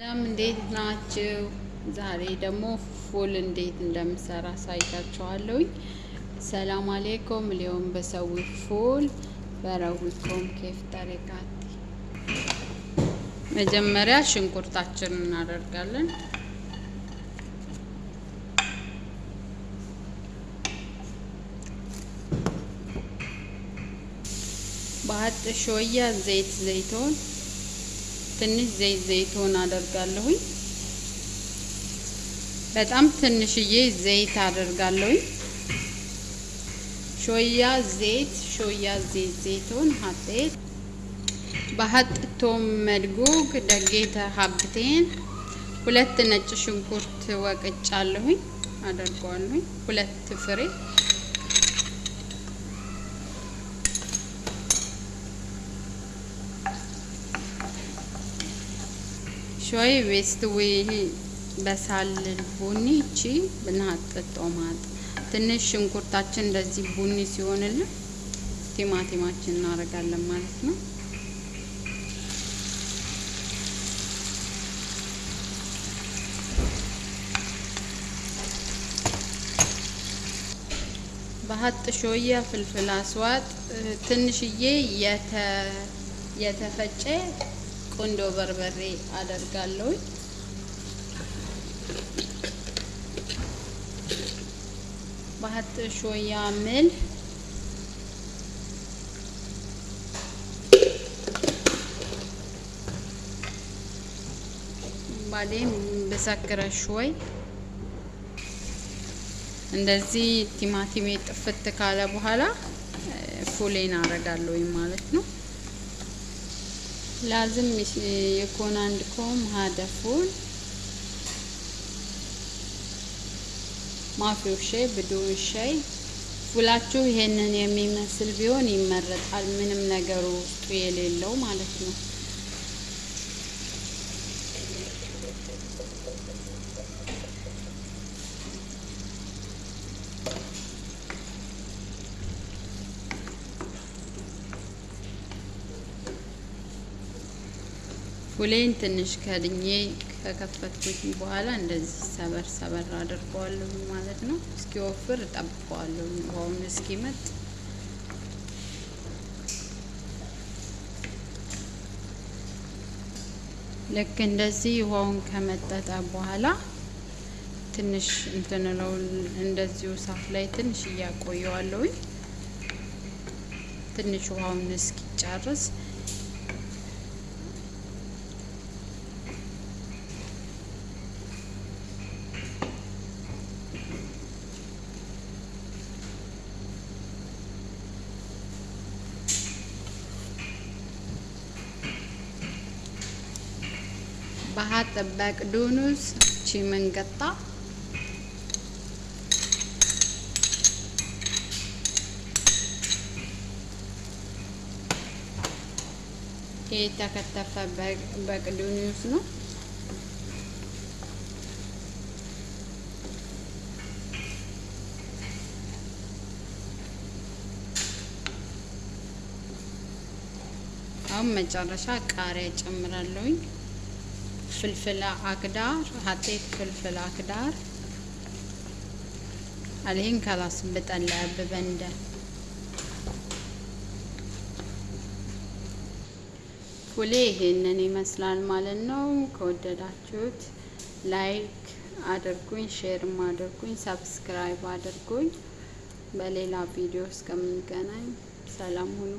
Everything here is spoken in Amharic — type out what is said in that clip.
ሰላም እንዴት ናችሁ? ዛሬ ደግሞ ፉል እንዴት እንደምሰራ አሳያችኋለሁኝ። ሰላም አሌይኩም ሊሆን በሰዊ ፉል በረዊኮም ኬፍ ጠሪቃቲ። መጀመሪያ ሽንኩርታችንን እናደርጋለን። በአጥ ሾያ ዘይት ዘይቶን ትንሽ ዘይት ዘይቱን አደርጋለሁኝ። በጣም ትንሽዬ ዘይት አደርጋለሁኝ። ሾያ ዘይት ሾያ ዘይት ዘይቱን ሀጤት በሀጥቶ መድጎግ ደጌተ ሀብቴን ሁለት ነጭ ሽንኩርት ወቅጫለሁኝ አደርገዋለሁኝ ሁለት ፍሬ ሾይ ዌስት ዌይ በሳልል ቡኒ እቺ ብናጠጦ ማጥ ትንሽ ሽንኩርታችን እንደዚህ ቡኒ ሲሆንልን ቲማቲማችን እናደርጋለን ማለት ነው። በሀጥ ሾየ ፍልፍል አስዋጥ ትንሽዬ የተፈጨ ቆንጆ በርበሬ አደርጋለሁ። ባህት ሾያ ምል ባዴም በሰከረ ሾይ እንደዚህ ቲማቲሜ ጥፍት ካለ በኋላ ፉሌን አረጋለሁ ማለት ነው። ላዝም يكون عندكم هدف ማፊው ሸይ ብዱ ሸይ ሁላችሁ ይሄንን የሚመስል ቢሆን ይመረጣል። ምንም ነገሩ ውስጡ የሌለው ማለት ነው። ሁሌን ትንሽ ከድኜ ከከፈትኩት በኋላ እንደዚህ ሰበር ሰበር አድርገዋለሁ ማለት ነው። እስኪወፍር እጠብቀዋለሁ ውሃውን እስኪመጥ ልክ እንደዚህ ውሃውን ከመጠጠ በኋላ ትንሽ እንትንለው እንደዚሁ ሳፍ ላይ ትንሽ እያቆየዋለሁኝ ትንሽ ውሃውን እስኪጨርስ ባህር ጠበቅ ዱኑስ ቺ መንገጣ የተከተፈ በቅዱኒስ ነው። አሁን መጨረሻ ቃሪያ ጨምራለሁኝ። ፍልፍላ አክዳር ሀጤት ፍልፍል አክዳር አልህን ከላስ ብጠን ለአብበ እንደ ፉሌ ይሄንን ይመስላል ማለት ነው። ከወደዳችሁት ላይክ አድርጉኝ፣ ሼርም አድርጉኝ፣ ሰብስክራይብ አድርጉኝ። በሌላ ቪዲዮ እስከምንገናኝ ሰላም ሁኑ።